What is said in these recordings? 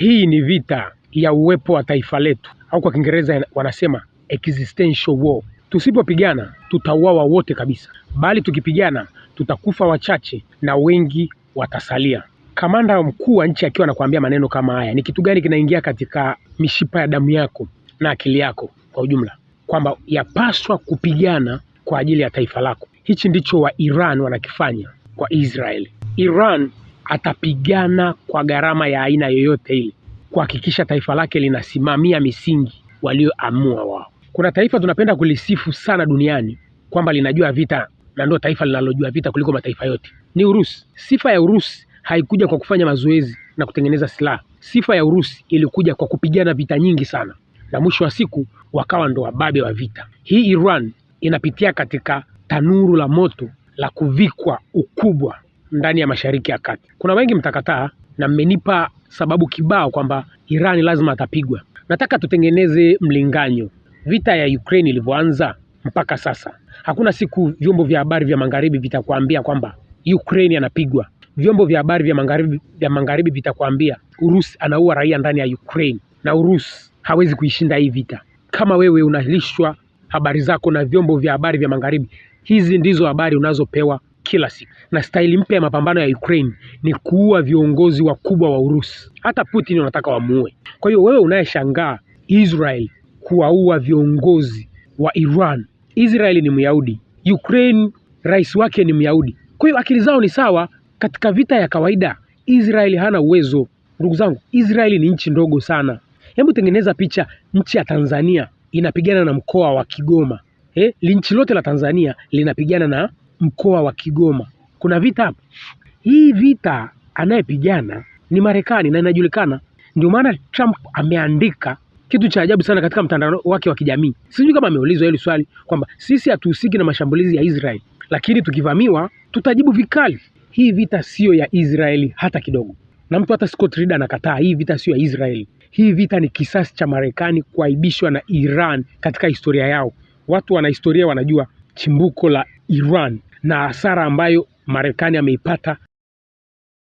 Hii ni vita ya uwepo wa taifa letu au kwa Kiingereza wanasema existential war. Tusipopigana tutauawa wote kabisa, bali tukipigana tutakufa wachache na wengi watasalia. Kamanda mkuu wa nchi akiwa anakuambia maneno kama haya, ni kitu gani kinaingia katika mishipa ya damu yako na akili yako kwa ujumla, kwamba yapaswa kupigana kwa ajili ya taifa lako? Hichi ndicho wa Iran wanakifanya kwa Israeli. Iran atapigana kwa gharama ya aina yoyote ile kuhakikisha taifa lake linasimamia misingi walioamua wao. Kuna taifa tunapenda kulisifu sana duniani kwamba linajua vita na ndio taifa linalojua vita kuliko mataifa yote, ni Urusi. Sifa ya Urusi haikuja kwa kufanya mazoezi na kutengeneza silaha. Sifa ya Urusi ilikuja kwa kupigana vita nyingi sana, na mwisho wa siku wakawa ndo wababe wa vita. Hii Iran inapitia katika tanuru la moto la kuvikwa ukubwa ndani ya Mashariki ya Kati. Kuna wengi mtakataa, na mmenipa sababu kibao kwamba Iran lazima atapigwa. Nataka tutengeneze mlinganyo. Vita ya Ukraine ilivyoanza mpaka sasa, hakuna siku vyombo vya habari vya magharibi vitakwambia kwamba Ukraine anapigwa. Vyombo vya habari vya magharibi vya magharibi vitakwambia Urusi anaua raia ndani ya Ukraine na Urusi hawezi kuishinda hii vita. Kama wewe unalishwa habari zako na vyombo vya habari vya magharibi, hizi ndizo habari unazopewa kila siku. Na staili mpya ya mapambano ya Ukraine ni kuua viongozi wakubwa wa Urusi, hata Putin wanataka wamuue. Kwa hiyo wewe unayeshangaa Israel kuwaua viongozi wa Iran, Israel ni Myahudi, Ukraine rais wake ni Myahudi. Kwa hiyo akili zao ni sawa. Katika vita ya kawaida Israeli hana uwezo. Ndugu zangu, Israeli ni nchi ndogo sana. Hebu tengeneza picha, nchi ya Tanzania inapigana na mkoa wa Kigoma eh? Linchi lote la Tanzania linapigana na mkoa wa Kigoma. Kuna vita hapo. Hii vita anayepigana ni Marekani na inajulikana. Ndio maana Trump ameandika kitu cha ajabu sana katika mtandao wake wa kijamii. Sijui kama ameulizwa hili swali kwamba sisi hatuhusiki na mashambulizi ya Israeli, lakini tukivamiwa tutajibu vikali. Hii vita siyo ya Israeli hata kidogo, na mtu hata Scott Reed anakataa, hii vita siyo ya Israeli. Hii vita ni kisasi cha Marekani kuaibishwa na Iran katika historia yao. Watu wana historia wanajua chimbuko la Iran na hasara ambayo Marekani ameipata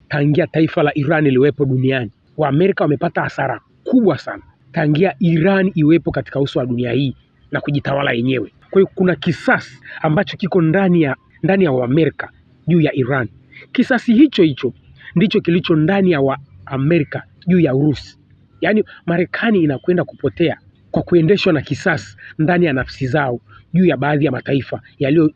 tangia taifa la Iran liwepo duniani. Waamerika wamepata hasara kubwa sana tangia Iran iwepo katika uso wa dunia hii na kujitawala yenyewe. Kwa hiyo kuna kisasi ambacho kiko ndani ya ndani ya Waamerika juu ya Iran. Kisasi hicho hicho ndicho kilicho ndani ya Waamerika juu ya Urusi. Yaani Marekani inakwenda kupotea kwa kuendeshwa na kisasi ndani ya nafsi zao juu ya baadhi ya mataifa yaliyo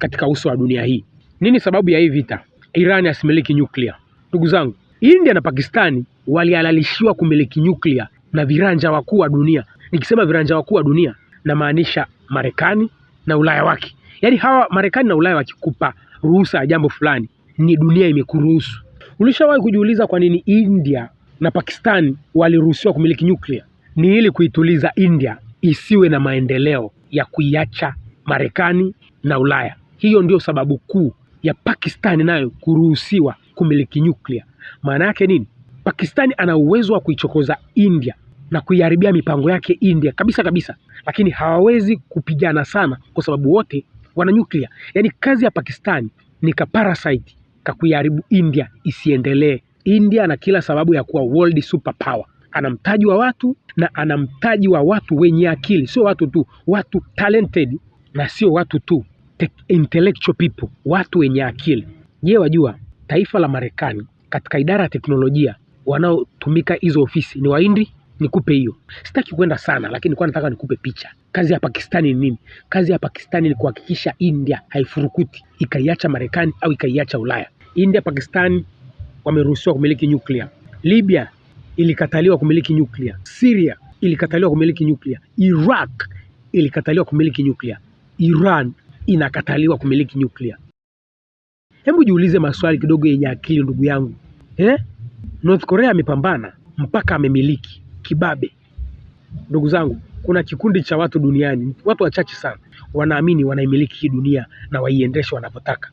katika uso wa dunia hii. Nini sababu ya hii vita? Iran asimiliki nyuklia. Ndugu zangu, India na Pakistani walihalalishiwa kumiliki nyuklia na viranja wakuu wa dunia. Nikisema viranja wakuu wa dunia, namaanisha Marekani na Ulaya wake. Yaani hawa Marekani na Ulaya wakikupa ruhusa ya jambo fulani, ni dunia imekuruhusu. Ulishawahi kujiuliza kwa nini India na Pakistani waliruhusiwa kumiliki nyuklia? Ni ili kuituliza India isiwe na maendeleo ya kuiacha Marekani na Ulaya. Hiyo ndio sababu kuu ya Pakistani nayo kuruhusiwa kumiliki nyuklia. Maana yake nini? Pakistani ana uwezo wa kuichokoza India na kuiharibia mipango yake India kabisa kabisa, lakini hawawezi kupigana sana kwa sababu wote wana nyuklia. Yaani kazi ya Pakistani ni ka parasite ka kuiharibu India isiendelee. India ana kila sababu ya kuwa world superpower. Ana mtaji wa watu na ana mtaji wa watu wenye akili, sio watu tu, watu talented na sio watu tu intellectual people, watu wenye akili. Je, wajua taifa la Marekani katika idara ya teknolojia wanaotumika hizo ofisi ni Wahindi? Nikupe hiyo, sitaki kwenda sana, lakini kwa nataka nikupe picha. Kazi ya Pakistani ni nini? Kazi ya Pakistani ni kuhakikisha India haifurukuti ikaiacha Marekani au ikaiacha Ulaya. India, Pakistani wameruhusiwa kumiliki nyuklia. Libya ilikataliwa kumiliki nyuklia. Syria ilikataliwa kumiliki nyuklia. Iraq ilikataliwa kumiliki nyuklia. Iran inakataliwa kumiliki nyuklia. Hebu jiulize maswali kidogo yenye akili ndugu yangu eh? North Korea amepambana mpaka amemiliki kibabe. Ndugu zangu, kuna kikundi cha watu duniani, watu wachache sana wanaamini wanaimiliki hii dunia na waiendeshe wanavyotaka.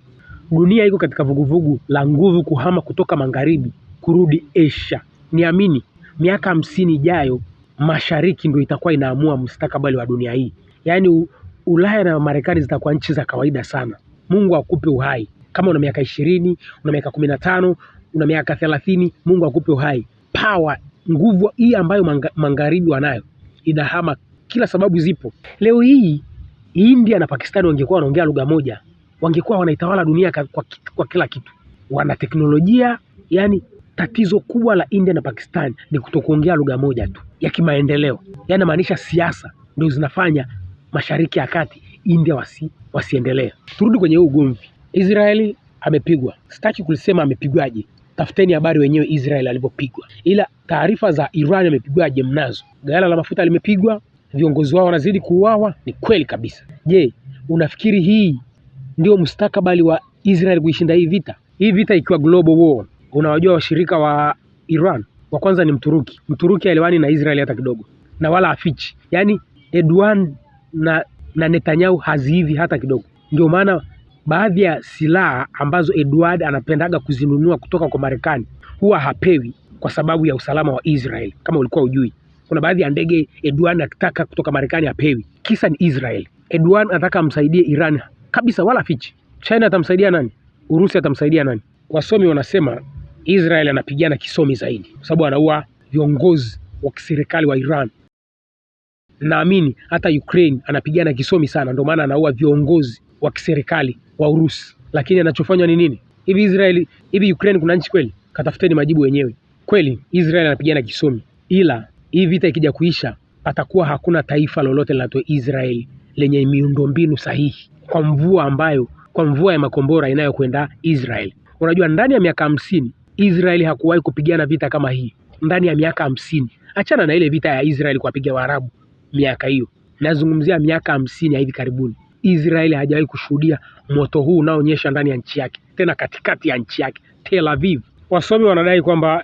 Dunia iko katika vuguvugu la nguvu kuhama kutoka magharibi kurudi Asia. Niamini miaka hamsini ijayo mashariki ndio itakuwa inaamua mustakabali wa dunia hii, yaani Ulaya na Marekani zitakuwa nchi za kawaida sana. Mungu akupe uhai. Kama una miaka ishirini, una miaka kumi na tano, una miaka thelathini, Mungu akupe uhai. Power, nguvu hii ambayo magharibi wanayo inahama, kila sababu zipo. Leo hii India na Pakistani wangekuwa wanaongea lugha moja, wangekuwa wanaitawala dunia kwa, kwa kila kitu. Wana teknolojia yani tatizo kubwa la India na Pakistan ni kutokuongea lugha moja tu ya kimaendeleo. Yaani maanisha siasa ndio zinafanya mashariki ya kati India wasi, wasiendelee. Turudi kwenye huu ugomvi. Israeli amepigwa, sitaki kulisema amepigwaje, tafuteni habari wenyewe Israeli alivyopigwa, ila taarifa za Iran amepigwaje mnazo. Ghala la mafuta limepigwa, viongozi wao wanazidi kuuawa, ni kweli kabisa. Je, unafikiri hii ndio mustakabali wa Israel kuishinda hii vita? Hii vita ikiwa global war, unawajua washirika wa Iran wa kwanza ni Mturuki. Mturuki haelewani na Israeli hata kidogo, na wala afichi. Yaani Edwan na, na Netanyahu haziivi hata kidogo. Ndio maana baadhi ya silaha ambazo Edward anapendaga kuzinunua kutoka kwa Marekani huwa hapewi kwa sababu ya usalama wa Israel. Kama ulikuwa ujui, kuna baadhi ya ndege Edward anataka kutoka Marekani hapewi, kisa ni Israel. Edward anataka amsaidie Iran kabisa, wala fichi. China atamsaidia nani? Urusi atamsaidia nani? Wasomi wanasema Israel anapigana kisomi zaidi, kwa sababu anaua viongozi wa kiserikali wa Iran naamini hata Ukraine anapigana kisomi sana, ndio maana anaua viongozi wa kiserikali wa Urusi. Lakini anachofanywa ni nini? Hivi Israeli, hivi Ukraine kuna nchi kweli? Katafuteni majibu wenyewe. Kweli Israeli anapigana kisomi, ila hii vita ikija kuisha, patakuwa hakuna taifa lolote linatoa Israeli lenye miundombinu sahihi kwa mvua ambayo kwa mvua ya makombora inayokwenda Israeli. Unajua, ndani ya miaka hamsini Israeli hakuwahi kupigana vita kama hii ndani ya miaka hamsini. Achana na ile vita ya Israeli kuwapiga Waarabu miaka hiyo, nazungumzia miaka hamsini ya hivi karibuni. Israeli hajawahi kushuhudia moto huu unaoonyesha ndani ya nchi yake, tena katikati ya nchi yake Tel Aviv. Wasomi wanadai kwamba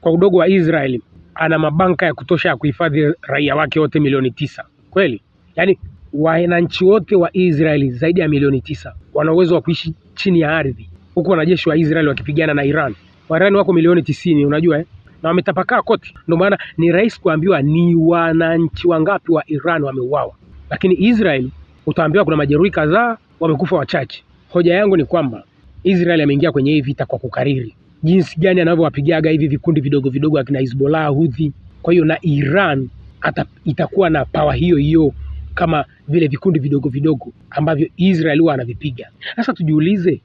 kwa udogo wa Israeli ana mabanka ya kutosha ya kuhifadhi raia wake wote milioni tisa. Kweli? Yaani wananchi wote wa Israeli zaidi ya milioni tisa wana uwezo wa kuishi chini ya ardhi, huku wanajeshi wa Israeli wakipigana na Iran. Wairani wako milioni tisini, unajua eh? na wametapakaa kote. Ndio maana ni rahisi kuambiwa ni wananchi wangapi wa Iran wameuawa, lakini Israel utaambiwa kuna majeruhi kadhaa, wamekufa wachache. Hoja yangu ni kwamba Israel ameingia kwenye hii vita kwa kukariri jinsi gani anavyowapigaga hivi vikundi vidogo vidogo akina Hezbollah, Houthi. Kwa hiyo na Iran ata, itakuwa na pawa hiyo hiyo kama vile vikundi vidogo vidogo ambavyo Israel huwa anavipiga. Sasa tujiulize,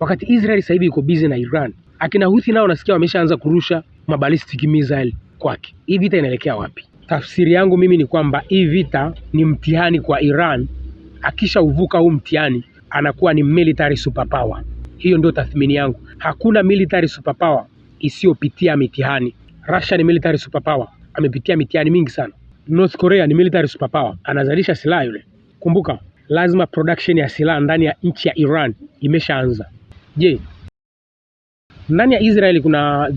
wakati Israel sasa hivi iko busy na Iran, akina Houthi nao nasikia wameshaanza kurusha mabalistic missile kwake. Hii vita inaelekea wapi? Tafsiri yangu mimi ni kwamba hii vita ni mtihani kwa Iran. Akisha uvuka huu mtihani, anakuwa ni military superpower. Hiyo ndio tathmini yangu. Hakuna military superpower isiyopitia mitihani. Russia ni military superpower, amepitia mitihani mingi sana. North Korea ni military superpower, anazalisha silaha yule. Kumbuka lazima production ya silaha ndani ya nchi ya Iran imeshaanza. Je, ndani ya Israeli kuna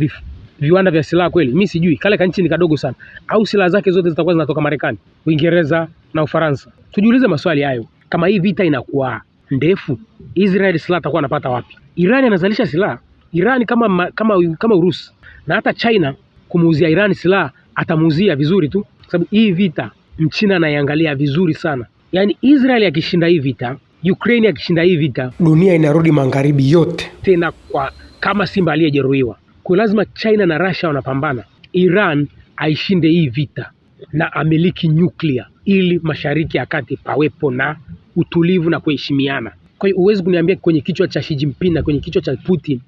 viwanda vya silaha kweli? Mimi sijui, kale ka nchi ni kadogo sana, au silaha zake zote zitakuwa zinatoka Marekani, Uingereza na Ufaransa? Tujiulize maswali hayo. Kama hii vita inakuwa ndefu, Israel silaha atakuwa anapata wapi? Irani anazalisha silaha, Irani kama, kama, kama Urusi na hata China kumuuzia Irani silaha atamuuzia vizuri tu, sababu hii vita Mchina anaiangalia vizuri sana. Yaani Israel akishinda ya hii vita, Ukraine akishinda hii vita, dunia inarudi magharibi yote tena kwa kama simba aliyejeruhiwa siku lazima China na Russia wanapambana, Iran aishinde hii vita na amiliki nyuklia ili Mashariki ya Kati pawepo na utulivu na kuheshimiana. Kwa hiyo huwezi kuniambia kwenye kichwa cha Xi Jinping na kwenye kichwa cha Putin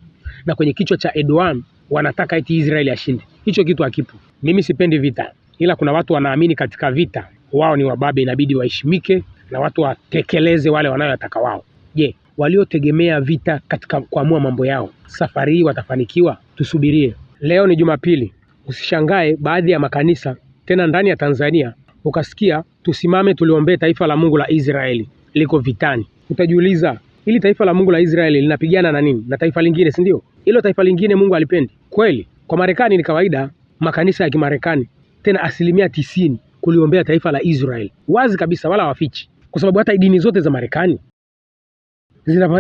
na kwenye kichwa cha Erdogan wanataka eti Israeli ashinde. Hicho kitu hakipo. Mimi sipendi vita, ila kuna watu wanaamini katika vita, wao ni wababe, inabidi waheshimike na watu watekeleze wale wanayotaka wao. Je, waliotegemea vita katika kuamua mambo yao. Safari hii watafanikiwa, tusubirie. Leo ni Jumapili, usishangae baadhi ya makanisa tena ndani ya Tanzania ukasikia tusimame tuliombee taifa la Mungu la Israeli liko vitani. Utajiuliza, hili taifa la Mungu la Israeli linapigana na nini? Na taifa lingine, si ndio? Hilo taifa lingine Mungu alipendi kweli? Kwa Marekani ni kawaida makanisa ya Kimarekani tena asilimia tisini kuliombea taifa la Israeli, wazi kabisa, wala wafichi, kwa sababu hata dini zote za Marekani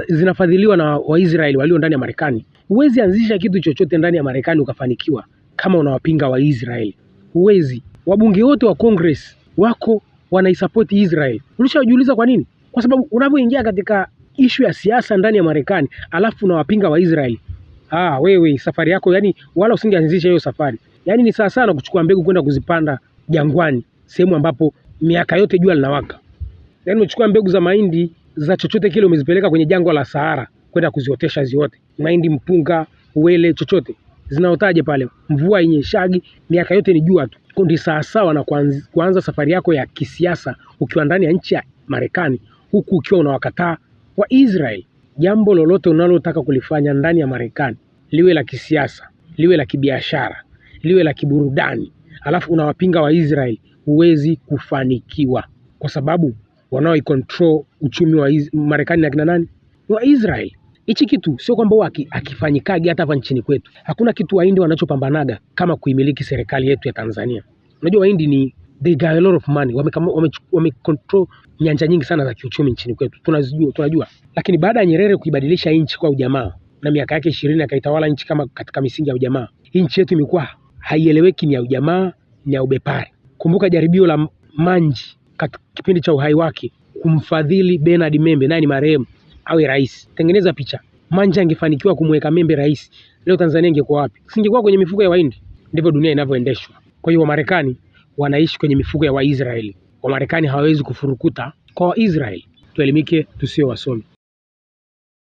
zinafadhiliwa na Waisraeli walio ndani ya Marekani. Huwezi anzisha kitu chochote ndani ya Marekani ukafanikiwa kama unawapinga Waisraeli, huwezi. Wabunge wote wa Congress wako wanaisapoti Israel. Ulishajiuliza kwa nini? Kwa sababu unavyoingia katika ishu ya siasa ndani ya Marekani alafu unawapinga Waisraeli, ah, wewe safari yako yani, wala usingeanzisha hiyo safari. Yani ni sawa sana kuchukua mbegu kwenda kuzipanda jangwani, sehemu ambapo miaka yote jua linawaka. Yani umechukua mbegu za mahindi za chochote kile umezipeleka kwenye jangwa la Sahara kwenda kuziotesha ziote, mahindi, mpunga, uwele, chochote zinaotaje pale, mvua inyeshagi, miaka yote ni jua tu. Kundi sawasawa na kuanza safari yako ya kisiasa ukiwa ndani ya nchi ya Marekani, huku ukiwa unawakataa wa Israel. Jambo lolote unalotaka kulifanya ndani ya Marekani, liwe la kisiasa, liwe la kibiashara, liwe la kiburudani, alafu unawapinga wa Israel, huwezi kufanikiwa kwa sababu wanaoicontrol uchumi wa Marekani na kina nani? Wa Israel. Hichi kitu sio kwamba huwa akifanyikaje hata hapa nchini kwetu. Hakuna kitu Wahindi wanachopambanaga kama kuimiliki serikali yetu ya Tanzania. Unajua Wahindi ni they got a lot of money. Wamecontrol wame, wame nyanja nyingi sana za kiuchumi nchini kwetu. Tunazijua, tunajua. Lakini baada ya Nyerere kuibadilisha nchi kwa ujamaa na miaka yake ishirini akaitawala nchi kama katika misingi ya ujamaa. Hii nchi yetu imekuwa haieleweki, ni ya ujamaa, ni ya ubepari. Kumbuka jaribio la Manji kipindi cha uhai wake kumfadhili Bernard Membe, naye ni marehemu, awe rais. Tengeneza picha, Manja angefanikiwa kumweka Membe rais, leo Tanzania ingekuwa wapi? Singekuwa kwenye mifuko ya Wahindi. Ndivyo dunia inavyoendeshwa. Kwa hiyo, Wamarekani wanaishi kwenye mifuko ya Waisraeli. Wamarekani hawawezi kufurukuta kwa Waisraeli. Tuelimike, tusio wasomi.